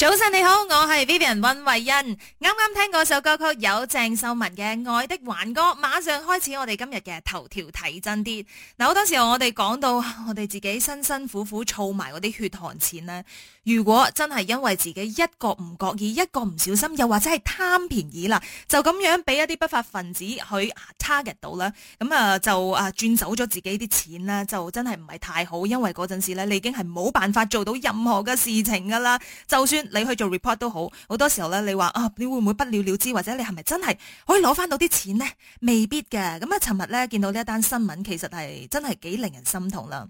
早晨你好，我係 Vivian 溫慧欣。啱啱聽嗰首歌曲有鄭秀文嘅《愛的挽歌》，馬上開始我哋今日嘅頭條睇真啲。嗱，好多時候我哋講到我哋自己辛辛苦苦儲埋嗰啲血汗錢咧，如果真係因為自己一個唔覺意、一個唔小心，又或者係貪便宜啦，就咁樣俾一啲不法分子去 target 到啦，咁啊就啊轉走咗自己啲錢啦，就真係唔係太好，因為嗰陣時咧你已經係冇辦法做到任何嘅事情噶啦，就算。你去做 report 都好，好多時候咧，你話啊，你會唔會不了了之，或者你係咪真係可以攞翻到啲錢呢？未必嘅。咁、嗯、啊，尋日咧見到呢一單新聞，其實係真係幾令人心痛啦。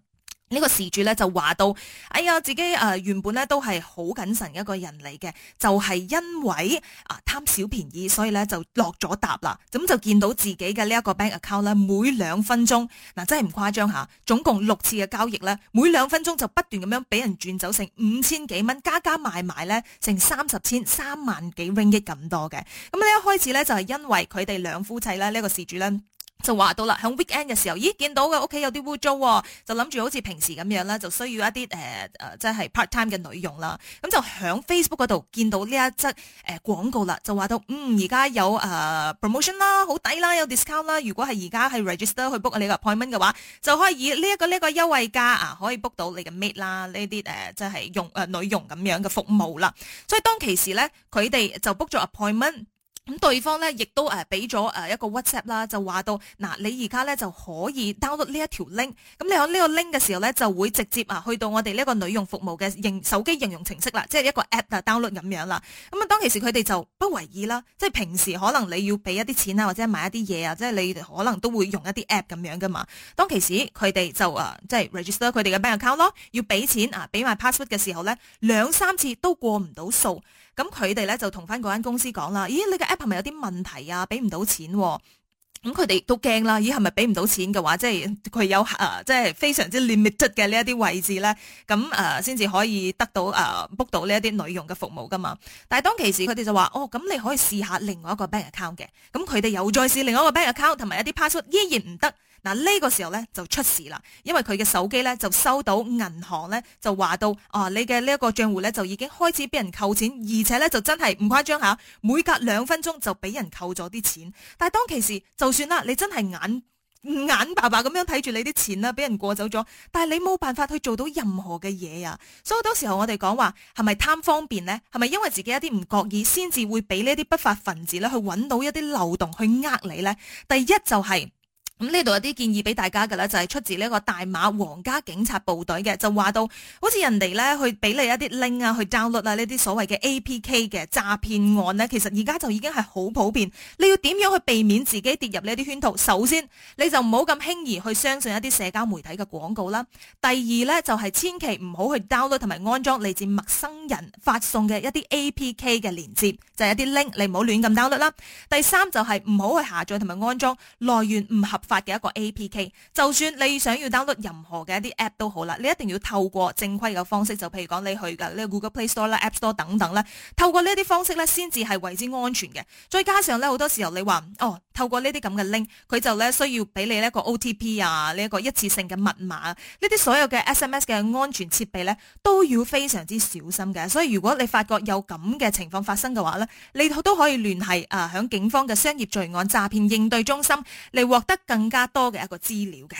呢、這個事主咧就話到，哎呀，自己誒、呃、原本咧都係好謹慎一個人嚟嘅，就係、是、因為啊貪小便宜，所以咧就落咗搭啦。咁就見到自己嘅呢一個 bank account 咧，每兩分鐘嗱真係唔誇張吓，總共六次嘅交易咧，每兩分鐘就不斷咁樣俾人轉走成五千幾蚊，加加埋埋咧成三十千三萬幾 ringgit 咁多嘅。咁呢，30, 000, 30, 000啊、一開始咧就係因為佢哋兩夫妻啦，呢個個事主咧。就話到啦，喺 weekend 嘅時候，咦見到嘅屋企有啲污糟，就諗住好似平時咁樣啦，就需要一啲誒即係 part time 嘅女傭啦。咁、嗯、就喺 Facebook 嗰度見到呢一則誒、呃、廣告啦，就話到嗯，而家有誒、呃、promotion 啦，好抵啦，有 discount 啦。如果係而家係 register 去 book 你個 appointment 嘅話，就可以以呢、這、一個呢、這個優惠價啊，可以 book 到你嘅 meet 啦，呢啲誒即係用、呃、女傭咁樣嘅服務啦。所以當其時咧，佢哋就 book 咗 appointment。咁對方咧亦都誒俾咗誒一個 WhatsApp 啦，就話到嗱、啊，你而家咧就可以 download 呢一條 link，咁你喺呢個 link 嘅時候咧就會直接啊去到我哋呢個女用服務嘅應手機應用程式啦，即係一個 app 啊 download 咁樣啦。咁啊，當其時佢哋就不為意啦，即係平時可能你要俾一啲錢啊，或者買一啲嘢啊，即係你可能都會用一啲 app 咁樣噶嘛。當其時佢哋就誒、啊、即係 register 佢哋嘅 bank account 咯，要俾錢啊俾埋 password 嘅時候咧，兩三次都過唔到數。咁佢哋咧就同翻嗰間公司講啦，咦，你個 app 係咪有啲問題啊？俾唔到錢，啊，咁佢哋都驚啦，咦，係咪俾唔到錢嘅話，即係佢有誒、啊，即係非常之 limited 嘅呢一啲位置咧，咁誒先至可以得到誒 book、啊、到呢一啲女用嘅服務噶嘛。但係當其時佢哋就話，哦，咁你可以試下另外一個 bank account 嘅，咁佢哋又再試另外一個 bank account 同埋一啲 password 依然唔得。嗱、這、呢個時候咧就出事啦，因為佢嘅手機咧就收到銀行咧就話到，哦，你嘅呢一個賬戶咧就已經開始俾人扣錢，而且咧就真係唔誇張吓，每隔兩分鐘就俾人扣咗啲錢。但係當其時就算啦，你真係眼眼白白咁樣睇住你啲錢啦，俾人過走咗，但係你冇辦法去做到任何嘅嘢啊。所以到時候我哋講話係咪貪方便咧？係咪因為自己一啲唔覺意先至會俾呢啲不法分子咧去搵到一啲漏洞去呃你咧？第一就係、是。咁呢度有啲建議俾大家嘅咧，就係出自呢個大馬皇家警察部隊嘅，就話到好似人哋咧去俾你一啲 link 啊，去 download 啊呢啲所謂嘅 APK 嘅詐騙案咧，其實而家就已經係好普遍。你要點樣去避免自己跌入呢啲圈套？首先，你就唔好咁輕易去相信一啲社交媒體嘅廣告啦。第二咧，就係千祈唔好去 download 同埋安裝嚟自陌生人發送嘅一啲 APK 嘅鏈接，就係一啲 link，你唔好亂咁 download 啦。第三就係唔好去下載同埋安裝來源唔合。發嘅一個 APK，就算你想要 download 任何嘅一啲 app 都好啦，你一定要透過正規嘅方式，就譬如講你去嘅呢個 Google Play Store 啦、App Store 等等啦，透過呢啲方式咧，先至係為之安全嘅。再加上咧，好多時候你話哦，透過呢啲咁嘅 link，佢就咧需要俾你一個 OTP 啊，呢一個一次性嘅密碼，呢啲所有嘅 SMS 嘅安全設備咧，都要非常之小心嘅。所以如果你發覺有咁嘅情況發生嘅話咧，你都可以聯繫啊，響警方嘅商業罪案詐騙應對中心嚟獲得更更加多嘅一個資料嘅。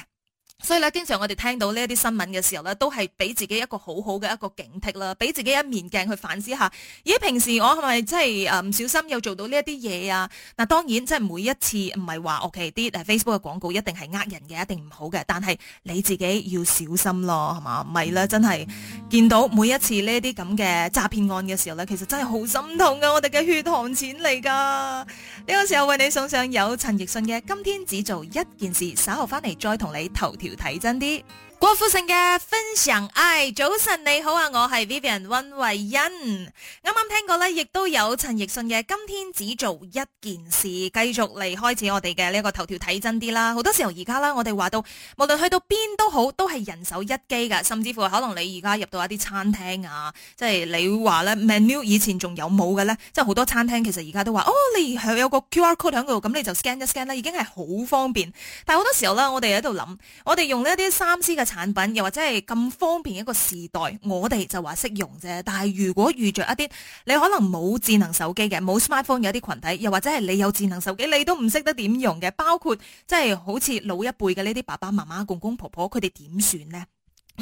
所以咧，經常我哋聽到呢一啲新聞嘅時候呢，都係俾自己一個好好嘅一個警惕啦，俾自己一面鏡去反思下。咦，平時我係咪真係唔小心又做到呢一啲嘢啊？嗱，當然即係每一次唔係話 O K 啲 Facebook 嘅廣告一定係呃人嘅，一定唔好嘅。但係你自己要小心咯，係嘛？唔係咧，真係見到每一次呢啲咁嘅詐騙案嘅時候呢，其實真係好心痛㗎啊。我哋嘅血汗錢嚟㗎。呢個時候為你送上有陳奕迅嘅《今天只做一件事》，稍後翻嚟再同你頭條。睇真啲。郭富城嘅分享，唉早晨，你好啊，我係 Vivian 溫慧欣。啱啱聽過咧，亦都有陳奕迅嘅今天只做一件事。繼續嚟開始我哋嘅呢個頭條睇真啲啦。好多時候而家啦，我哋話到無論去到邊都好，都係人手一機噶，甚至乎可能你而家入到一啲餐廳啊，即係你話咧 menu 以前仲有冇嘅咧？即係好多餐廳其實而家都話哦，你係有個 QR code 喺度，咁你就 scan 一 scan 啦，已經係好方便。但係好多時候咧，我哋喺度諗，我哋用呢一啲三 C 嘅。產品又或者係咁方便一個時代，我哋就話識用啫。但係如果遇着一啲你可能冇智能手機嘅、冇 smartphone 有啲群體，又或者係你有智能手機你都唔識得點用嘅，包括即係好似老一輩嘅呢啲爸爸媽媽、公公婆婆，佢哋點算呢？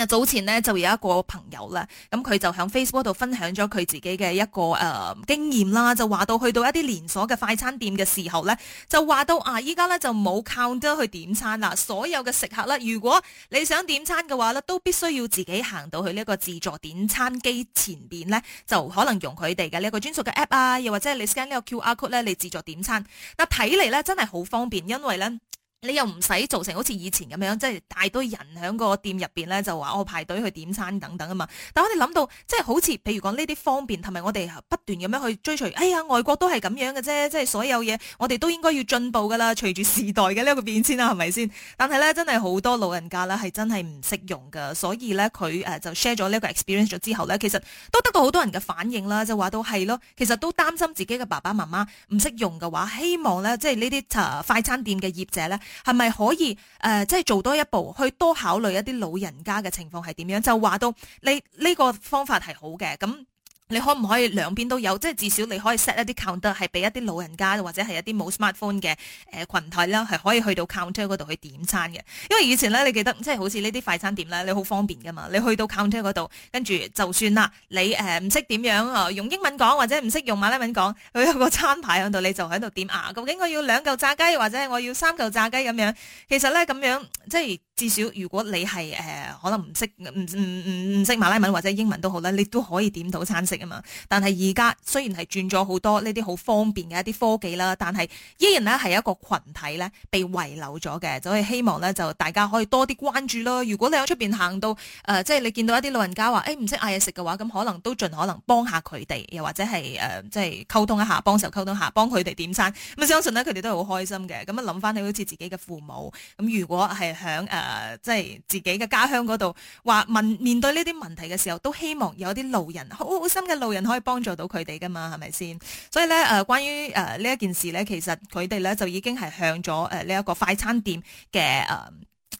早前咧就有一個朋友啦，咁佢就喺 Facebook 度分享咗佢自己嘅一個誒、呃、經驗啦，就話到去到一啲連鎖嘅快餐店嘅時候咧，就話到啊，依家咧就冇 counter 去點餐啦，所有嘅食客啦，如果你想點餐嘅話咧，都必須要自己行到去呢一個自助點餐機前邊咧，就可能用佢哋嘅呢一個專屬嘅 app 啊，又或者你 scan 呢個 QR code 咧，你自助點餐，嗱睇嚟咧真係好方便，因為咧。你又唔使做成好似以前咁樣，即係大堆人喺個店入邊咧，就話我排隊去點餐等等啊嘛。但我哋諗到，即係好似譬如講呢啲方便，同埋我哋不斷咁樣去追隨。哎呀，外國都係咁樣嘅啫，即係所有嘢，我哋都應該要進步噶啦，隨住時代嘅呢個變遷啦，係咪先？但係咧，真係好多老人家咧，係真係唔識用噶，所以咧佢誒就 share 咗呢個 experience 咗之後咧，其實都得到好多人嘅反應啦，就話都係咯。其實都擔心自己嘅爸爸媽媽唔識用嘅話，希望咧即係呢啲快餐店嘅業者咧。係咪可以誒、呃，即係做多一步，去多考慮一啲老人家嘅情況係點樣？就話到你呢個方法係好嘅，咁。你可唔可以兩邊都有？即係至少你可以 set 一啲 counter，係俾一啲老人家或者係一啲冇 smartphone 嘅、呃、群體啦，係可以去到 counter 嗰度去點餐嘅。因為以前咧，你記得即係好似呢啲快餐店咧，你好方便噶嘛。你去到 counter 嗰度，跟住就算啦。你誒唔識點樣啊、呃，用英文講或者唔識用馬拉文講，佢有個餐牌喺度，你就喺度點啊？究竟我要兩嚿炸雞或者我要三嚿炸雞咁樣？其實咧咁樣即係至少如果你係誒、呃、可能唔識唔唔唔唔識馬拉文或者英文都好啦，你都可以點到餐食啊嘛。但係而家雖然係轉咗好多呢啲好方便嘅一啲科技啦，但係依然咧係一個群體咧被遺留咗嘅，所以希望咧就大家可以多啲關注咯。如果你喺出邊行到誒、呃，即係你見到一啲老人家話誒唔識嗌嘢食嘅話，咁可能都盡可能幫下佢哋，又或者係誒即係溝通一下，幫手溝通下，幫佢哋點餐。咁、嗯、相信呢，佢哋都係好開心嘅。咁啊諗翻起好似自己嘅父母咁，如果係響誒。呃誒、呃，即係自己嘅家鄉嗰度，話問面對呢啲問題嘅時候，都希望有啲路人，好心嘅路人可以幫助到佢哋噶嘛，係咪先？所以咧，誒、呃，關於誒呢一件事咧，其實佢哋咧就已經係向咗誒呢一個快餐店嘅誒。呃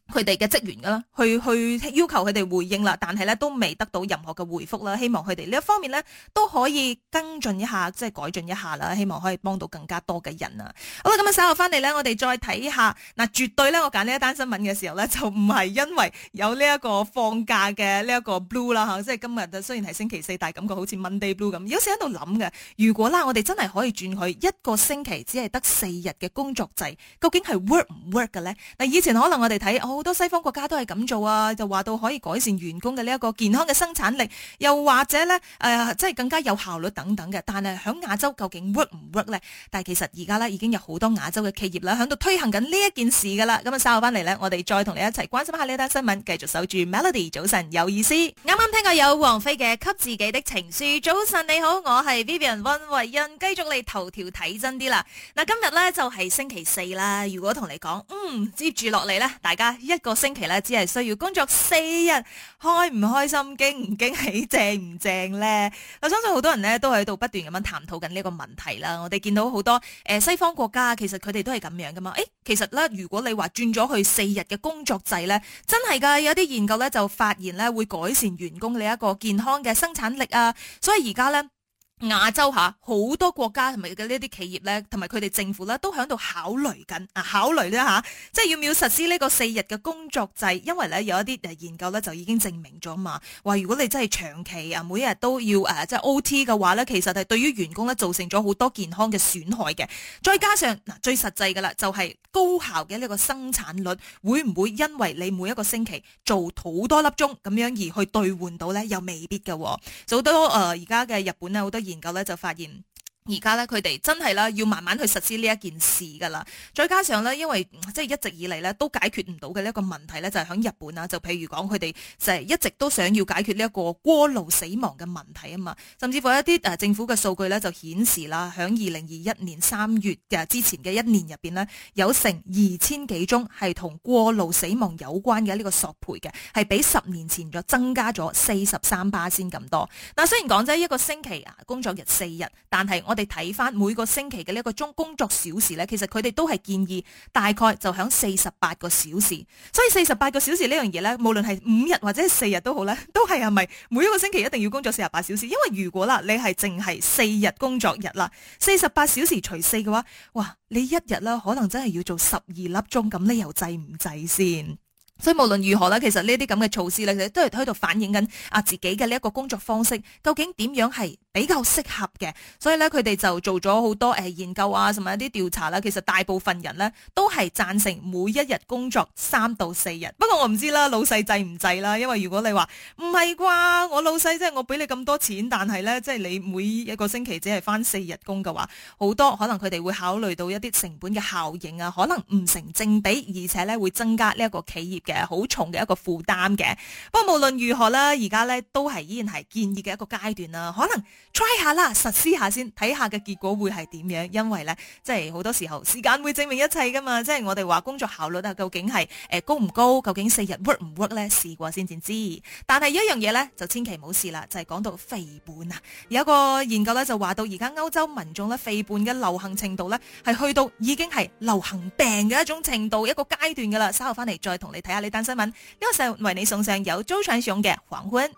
佢哋嘅職員噶啦，去去要求佢哋回應啦，但係咧都未得到任何嘅回覆啦。希望佢哋呢一方面咧都可以跟進一下，即係改進一下啦。希望可以幫到更加多嘅人啊！好啦，咁啊，稍後翻嚟，咧我哋再睇下嗱，絕對咧我揀呢一單新聞嘅時候咧，就唔係因為有呢一個放假嘅呢一個 blue 啦、啊、吓，即係今日雖然係星期四，但係感覺好似 Monday blue 咁。有時喺度諗嘅，如果啦我哋真係可以轉去一個星期只係得四日嘅工作制，究竟係 work 唔 work 嘅咧？嗱，以前可能我哋睇。好多西方國家都係咁做啊，就話到可以改善員工嘅呢一個健康嘅生產力，又或者咧誒，即係更加有效率等等嘅。但係響亞洲究竟 work 唔 work 咧？但係其實而家咧已經有好多亞洲嘅企業啦，響度推行緊呢一件事噶啦。咁啊，稍後翻嚟咧，我哋再同你一齊關心一下呢一單新聞，繼續守住 Melody。早晨有意思，啱啱聽過有王菲嘅《給自己的情書》。早晨你好，我係 Vivian 温慧欣，繼續你頭條睇真啲啦。嗱，今日咧就係星期四啦。如果同你講，嗯，接住落嚟咧，大家。一個星期咧，只係需要工作四日，開唔開心，驚唔驚喜，正唔正咧？我相信好多人咧都喺度不斷咁樣探討緊呢個問題啦。我哋見到好多誒、呃、西方國家，其實佢哋都係咁樣噶嘛。誒，其實咧，如果你話轉咗去四日嘅工作制咧，真係噶，有啲研究咧就發現咧會改善員工你一個健康嘅生產力啊。所以而家咧。亞洲吓，好多國家同埋嘅呢啲企業咧，同埋佢哋政府咧，都響度考慮緊啊，考慮啦吓，即係要唔要實施呢個四日嘅工作制？因為咧有一啲誒研究咧就已經證明咗嘛，話如果你真係長期啊每一日都要誒即係 O T 嘅話咧，其實係對於員工咧造成咗好多健康嘅損害嘅。再加上嗱，最實際噶啦，就係高效嘅呢個生產率會唔會因為你每一個星期做好多粒鐘咁樣而去兌換到咧？又未必嘅。好多誒而家嘅日本咧好多。研究呢就發現。而家咧，佢哋真係啦，要慢慢去實施呢一件事㗎啦。再加上咧，因為即係一直以嚟咧都解決唔到嘅呢一個問題咧，就係響日本啊。就譬如講，佢哋就係一直都想要解決呢一個過勞死亡嘅問題啊嘛。甚至乎一啲誒政府嘅數據咧，就顯示啦，響二零二一年三月嘅之前嘅一年入邊咧，有成二千幾宗係同過勞死亡有關嘅呢個索賠嘅，係比十年前就增加咗四十三巴先咁多。嗱，雖然講真一個星期啊工作日四日，但係我。你睇翻每個星期嘅呢個中工作小時呢，其實佢哋都係建議大概就響四十八個小時，所以四十八個小時呢樣嘢呢，無論係五日或者係四日都好呢，都係係咪每一個星期一定要工作四十八小時？因為如果啦你係淨係四日工作日啦，四十八小時除四嘅話，哇，你一日啦可能真係要做十二粒鐘，咁你又制唔制先？所以無論如何，其實呢啲咁嘅措施咧，其實都係喺度反映緊啊自己嘅呢一個工作方式，究竟點樣係比較適合嘅？所以咧，佢哋就做咗好多誒研究啊，甚至一啲調查啦。其實大部分人咧都係贊成每一日工作三到四日。不過我唔知啦，老細制唔制啦？因為如果你話唔係啩，我老細即係我俾你咁多錢，但係咧即係你每一個星期只係返四日工嘅話，好多可能佢哋會考慮到一啲成本嘅效應啊，可能唔成正比，而且咧會增加呢一個企業。好重嘅一個負擔嘅，不過無論如何啦，而家咧都係依然係建議嘅一個階段啦，可能 try 下啦，實施下先，睇下嘅結果會係點樣，因為咧即係好多時候時間會證明一切噶嘛，即係我哋話工作效率啊，究竟係誒高唔高，究竟四日 work 唔 work 咧，試過先至知。但係一樣嘢咧就千祈唔好試啦，就係、是、講到肥胖啊，有一個研究咧就話到而家歐洲民眾咧肥胖嘅流行程度咧係去到已經係流行病嘅一種程度一個階段噶啦，稍後翻嚟再同你睇下。呢單新聞呢個時候為你送上有周傳雄嘅黃昏。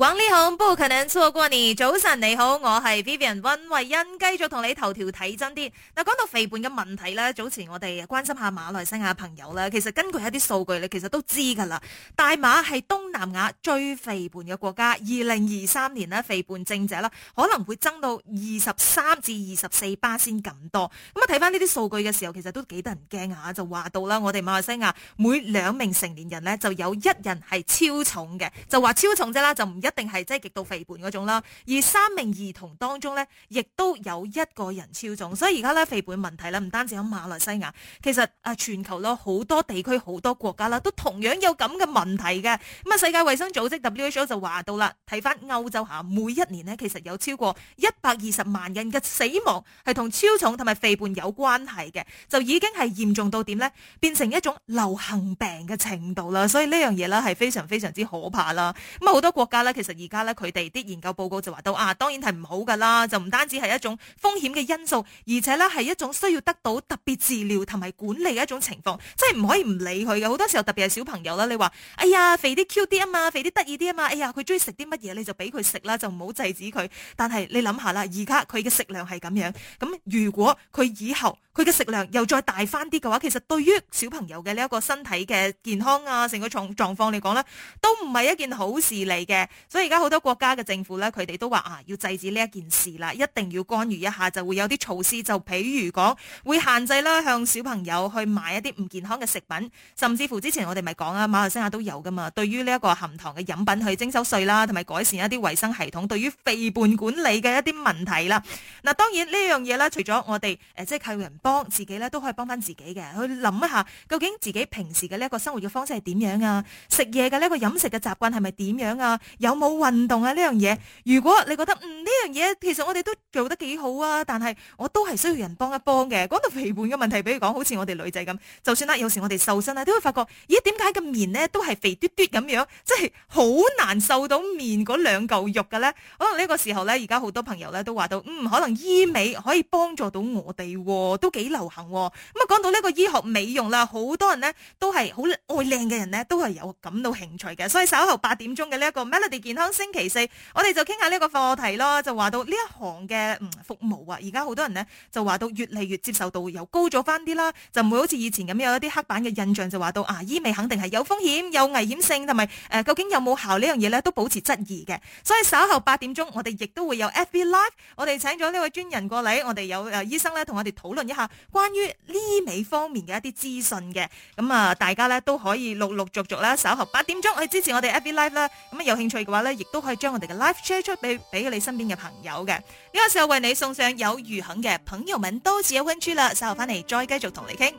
玩呢恐怖，勤力錯過年。早晨你好，我係 Vivian 溫慧欣，繼續同你頭條睇真啲。嗱，講到肥胖嘅問題呢，早前我哋關心下馬來西亞嘅朋友啦。其實根據一啲數據你其實都知噶啦。大馬係東南亞最肥胖嘅國家。二零二三年呢，肥胖症者啦，可能會增到二十三至二十四巴仙咁多。咁啊，睇翻呢啲數據嘅時候，其實都幾得人驚下，就話到啦，我哋馬來西亞每兩名成年人呢，就有一人係超重嘅，就話超重啫啦，就唔一。一定係即係極度肥胖嗰種啦，而三名兒童當中咧，亦都有一個人超重，所以而家咧肥胖問題咧唔單止喺馬來西亞，其實啊全球咯好多地區好多國家啦，都同樣有咁嘅問題嘅。咁啊世界衛生組織 WHO 就話到啦，睇翻歐洲下每一年呢，其實有超過一百二十萬人嘅死亡係同超重同埋肥胖有關係嘅，就已經係嚴重到點咧，變成一種流行病嘅程度啦。所以呢樣嘢咧係非常非常之可怕啦。咁啊好多國家咧。其實而家咧，佢哋啲研究報告就話到啊，當然係唔好噶啦，就唔單止係一種風險嘅因素，而且咧係一種需要得到特別治療同埋管理嘅一種情況，即係唔可以唔理佢嘅。好多時候特別係小朋友啦，你話哎呀肥啲 Q 啲啊嘛，肥啲得意啲啊嘛，哎呀佢中意食啲乜嘢你就俾佢食啦，就唔好制止佢。但係你諗下啦，而家佢嘅食量係咁樣，咁如果佢以後，佢嘅食量又再大翻啲嘅話，其實對於小朋友嘅呢一個身體嘅健康啊，成個狀狀況嚟講咧，都唔係一件好事嚟嘅。所以而家好多國家嘅政府咧，佢哋都話啊，要制止呢一件事啦，一定要干預一下，就會有啲措施就比，就譬如講會限制啦，向小朋友去買一啲唔健康嘅食品，甚至乎之前我哋咪講啊，馬來西亞都有噶嘛，對於呢一個含糖嘅飲品去徵收稅啦，同埋改善一啲衛生系統，對於肥胖管理嘅一啲問題啦。嗱，當然這呢樣嘢咧，除咗我哋誒，即係靠人幫。幫自己咧都可以幫翻自己嘅，去諗一下究竟自己平時嘅呢一個生活嘅方式係點樣啊？食嘢嘅呢個飲食嘅習慣係咪點樣啊？有冇運動啊？呢樣嘢，如果你覺得嗯呢樣嘢其實我哋都做得幾好啊，但係我都係需要人幫一幫嘅。講到肥胖嘅問題，比如講好似我哋女仔咁，就算啦，有時我哋瘦身啊，都會發覺，咦？點解個面咧都係肥嘟嘟咁樣，即係好難瘦到面嗰兩嚿肉嘅咧？可能呢個時候咧，而家好多朋友咧都話到，嗯，可能醫美可以幫助到我哋都、哦。幾流行咁啊！講到呢個醫學美容啦，好多人呢都係好愛靚嘅人呢，都係有感到興趣嘅。所以稍後八點鐘嘅呢一個 Melody 健康星期四，我哋就傾下呢一個課題咯。就話到呢一行嘅嗯服務啊，而家好多人呢就話到越嚟越接受度又高咗翻啲啦，就唔會好似以前咁有一啲刻板嘅印象就說，就話到啊醫美肯定係有風險、有危險性，同埋誒究竟有冇效呢樣嘢呢，都保持質疑嘅。所以稍後八點鐘，我哋亦都會有 FB Live，我哋請咗呢位專人過嚟，我哋有誒醫生咧同我哋討論一下。關於呢尾方面嘅一啲資訊嘅，咁啊，大家咧都可以陸陸續續啦，稍後八點鐘去支持我哋 FB Live 啦。咁啊，有興趣嘅話咧，亦都可以將我哋嘅 Live share 出俾俾你身邊嘅朋友嘅。呢、這個時候為你送上有餘肯嘅朋友們都持有溫豬啦，稍後翻嚟，再繼續同你傾。